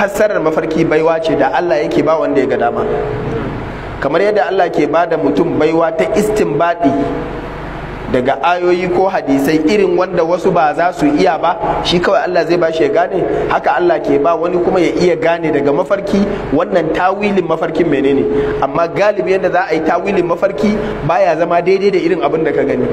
fassarar mafarki baiwa ce da Allah yake ba wanda ya ga dama kamar yadda Allah ke ba da mutum baiwa ta istinbadi daga ayoyi ko hadisai irin wanda wasu ba za su iya ba shi kawai Allah zai ba shi ya gane haka Allah ke ba wani kuma ya iya gane daga mafarki wannan tawilin mafarkin menene amma galibi yadda za a yi tawilin mafarki baya zama daidai da irin abin da ka gani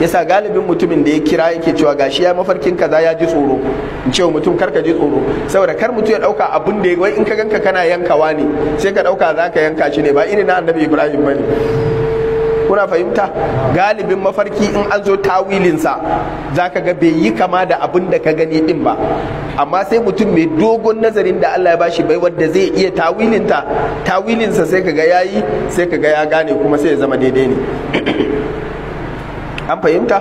shi yasa galibin mutumin da ya kira yake cewa gashi ya mafarkin kaza ya ji tsoro in ce mutum kar ka ji tsoro saboda kar mutum ya dauka abun da wai in ka ganka kana yankawa ne sai ka dauka za ka yanka shi ne ba irin na annabi ibrahim bane kuna fahimta galibin mafarki in an zo tawilinsa za ka ga bai yi kama da abin da ka gani din ba amma sai mutum mai dogon nazarin da Allah ya bashi bai wanda zai iya tawilinta tawilinsa sai ka ga yayi sai ka ga ya gane kuma sai ya zama daidai ne an fahimta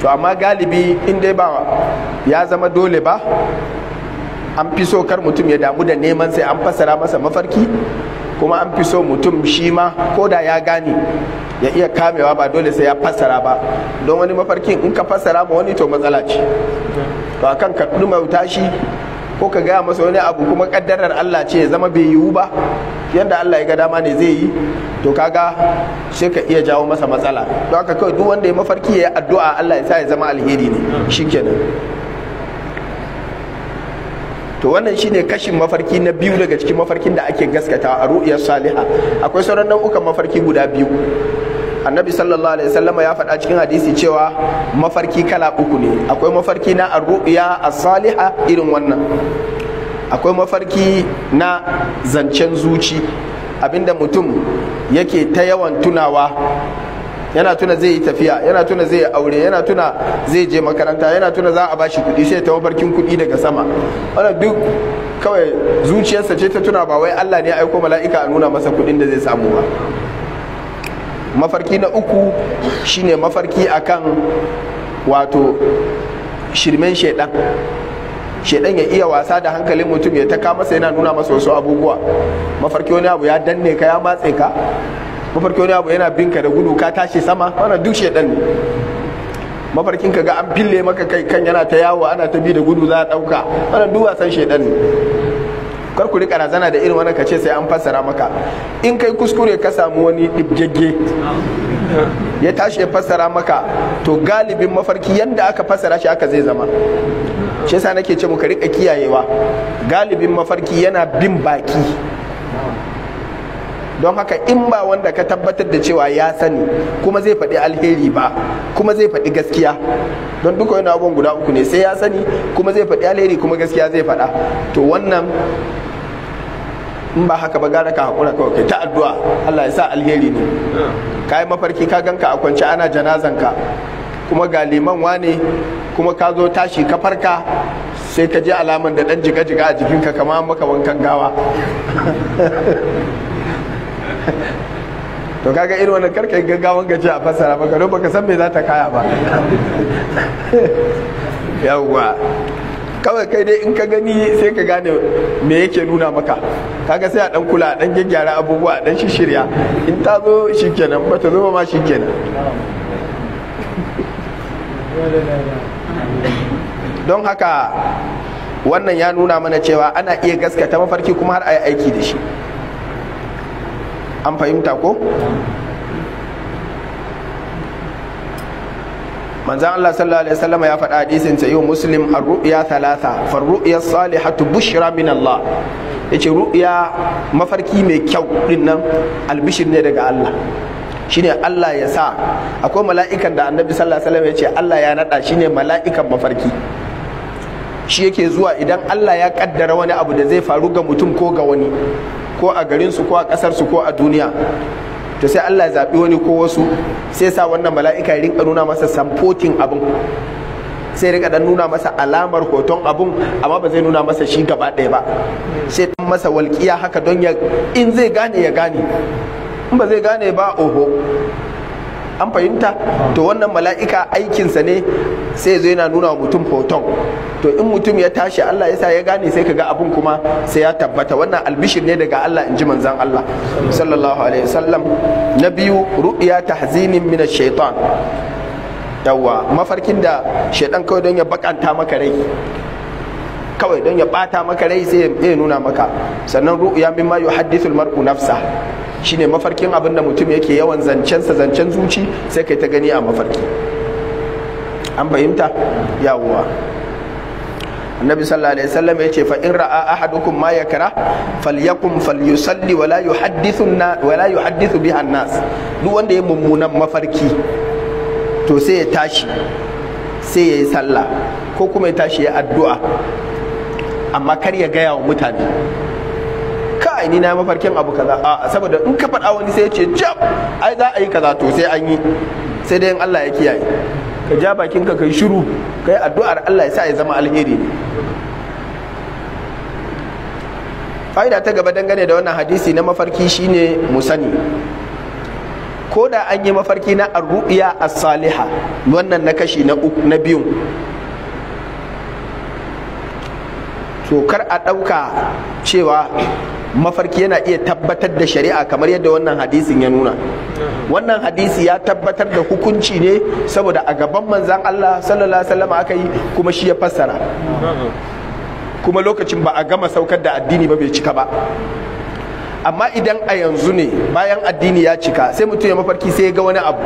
to amma galibi in ba ya zama dole ba an fi so kar mutum ya damu da neman sai an fassara masa mafarki kuma an fi so mutum shi ma ko da ya gane ya iya kamewa ba dole sai ya fassara ba don wani mafarkin in ka fassara ma wani to matsala ce to akan ka ɗumauta shi ko ka gaya masa wani abu kuma kaddarar Allah ce ya zama bai yiwu ba yadda Allah ya ga dama ne zai yi to kaga sai ka iya jawo masa matsala don haka kawai duk wanda ya mafarki ya yi addu'a Allah ya sa ya zama alheri ne shikenan to wannan shine kashin mafarki na biyu daga cikin mafarkin da ake gaskata a ru'iyar saliha akwai sauran nau'ukan mafarki guda biyu annabi sallallahu alaihi wasallam ya faɗa cikin hadisi cewa mafarki kala uku ne akwai mafarki na arru'ya as-saliha irin wannan akwai mafarki na zancen zuci abinda mutum yake ta yawan tunawa yana tuna zai yi tafiya yana tuna zai aure yana tuna zai je makaranta yana tuna za a bashi kuɗi sai ta mafarkin kuɗi daga sama wannan duk kawai zuciyarsa ce ta tuna ba wai Allah ne ya aiko mala'ika a nuna masa kuɗin da zai samu ba mafarki na uku shine mafarki akan wato shirmen shaidan shaidan ya iya wasa da hankalin mutum ya taka kama sai yana nuna masa wasu abubuwa mafarki wani abu ya danne ka ya matse ka mafarki wani abu yana binka da gudu ka tashi sama wannan duk shaidan ne mafarkin ka ga an fille maka kai kan yana ta yawo ana ta bi da gudu za a dauka wannan duk wasan shaidan ne kar ku rika razana da irin wannan kace sai an fassara maka in kai kuskure ka samu wani dibgegge ya tashi ya fassara maka to galibin mafarki yanda aka fassara shi aka zai zama shi yasa nake ce ka rika kiyayewa galibin mafarki yana bin baki don haka in ba wanda ka tabbatar da cewa ya sani kuma zai faɗi alheri ba kuma zai faɗi gaskiya don duka wani abubuwan guda uku ne sai ya sani kuma zai faɗi alheri kuma gaskiya zai faɗa to wannan in ba haka ba gara ka haƙura kawai kai ta addu'a Allah ya sa alheri ne ka yi mafarki ka ganka a kwance ana janazan ka kuma ga liman wane kuma ka zo tashi ka farka sai ka ji alaman da ɗan jiga-jiga a jikinka kama maka wankan gawa to kaga irin wannan karka yi gaggawan gaci a fassara maka don baka san me za ta kaya ba yawwa kawai kai dai in ka gani sai ka gane me yake nuna maka kaga sai a dan kula a dan gyaggyara abubuwa a dan shishirya in ta zo shikenan ba ta zo ma shikenan don haka wannan ya nuna mana cewa ana iya gaskata mafarki kuma har a yi aiki da shi an fahimta ko manzan Allah sallallahu alaihi wasallam ya faɗa hadisin yau muslim a ru'ya talata fa ru'ya salihatu bushra min Allah yace ru'ya mafarki mai kyau din nan albishir ne daga Allah shine Allah ya sa akwai mala'ikan da annabi sallallahu alaihi wasallam yace Allah ya nada shine mala'ikan mafarki shi yake zuwa idan Allah ya kaddara wani abu da zai faru ga mutum ko ga wani ko a garin su ko a ƙasarsu ko a duniya to sai Allah ya zaɓi wani ko wasu sai sa wannan mala'ika ya rinka nuna masa samfotin abin sai rika dan nuna masa alamar hoton abun amma ba zai nuna masa shi gaba ɗaya ba sai dan masa walƙiya haka don ya in zai gane ya gane in ba zai gane ba oho an fahimta to wannan mala'ika aikinsa ne sai zo yana nuna wa mutum hoton to in mutum ya tashi Allah ya sa ya gane sai kaga abun kuma sai ya tabbata wannan albishir ne daga Allah in ji manzan Allah sallallahu alaihi wasallam na biyu ru'ya tahzinin min ash-shaytan yawa mafarkin da shaitan kawai don ya bakanta maka rai kawai don ya bata maka rai sai ya nuna maka sannan ya mimma yuhaddithu al-mar'u nafsa shine mafarkin abin da mutum yake yawan zancensa zancen zuci sai kai ta gani a mafarki an fahimta yawuwa annabi sallallahu alaihi wasallam yace fa in ra'a ahadukum ma yakra falyakum falyusalli wala yuhaddithu wala yuhaddithu biha nas duk wanda ya mummunan mafarki to sai ya tashi sai ya yi sallah ko kuma ya tashi ya addu'a amma kar ya gaya wa mutane kai ni na mafarkin abu kaza a saboda in ka faɗa wani sai ya ce jab ai za a yi kaza to sai an yi sai dai in Allah ya kiyaye ka ja bakinka kai shiru kai addu'ar Allah ya sa ya zama alheri ne fa'ida ta gaba dangane da wannan hadisi na mafarki shine musani ko da an yi mafarki na arru'iya as-saliha wannan na kashi na biyu to kar a ɗauka cewa mafarki yana iya tabbatar da shari'a kamar yadda wannan hadisin ya nuna wannan hadisi ya tabbatar da hukunci ne saboda a gaban manzan Allah sallallahu alaihi wasallam aka yi kuma shi ya fassara kuma lokacin ba a gama saukar da addini ba bai cika ba amma idan a yanzu ne bayan addini ya cika sai mutum ya mafarki sai ya ga wani abu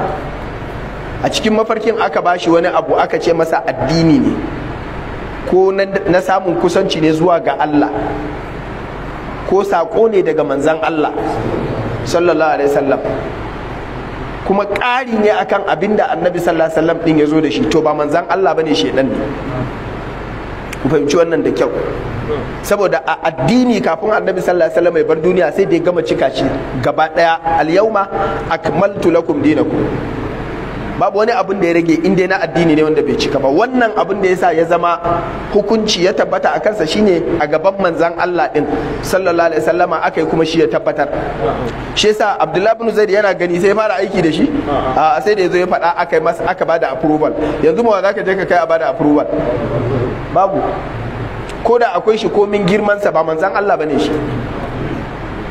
a cikin mafarkin aka bashi wani abu aka ce masa addini ne ko na samun kusanci ne zuwa ga Allah ko saƙo ne daga manzan Allah sallallahu alaihi wasallam kuma ƙari ne akan abin da annabi sallallahu alaihi wasallam ɗin ya zo da shi to ba manzan Allah ba ne shaidan ne ku fahimci wannan da kyau saboda a addini kafin annabi sallallahu alaihi wasallam ya bar duniya sai da ya gama cika shi gaba ɗaya, al yawma akmaltu lakum dinakum babu wani abin da ya rage inda na addini ne wanda bai cika ba wannan abin da sa ya zama hukunci ya tabbata a kansa shine a gaban manzan Allah din sallallahu alaihi wasallama akai kuma shi ya tabbatar shi yasa Abdullahi ibn Zaid yana gani sai fara aiki da shi a sai da yazo ya faɗa akai masa aka bada approval yanzu ma za ka je ka kai a bada approval babu ko da akwai shi komin girmansa ba manzan Allah bane shi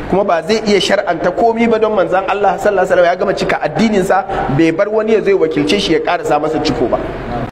kuma ba zai iya shar'anta komi ba don manzan Allah sallallahu alaihi ya gama cika addinin sa bai bar wani ya zai wakilce shi ya karasa masa ciko ba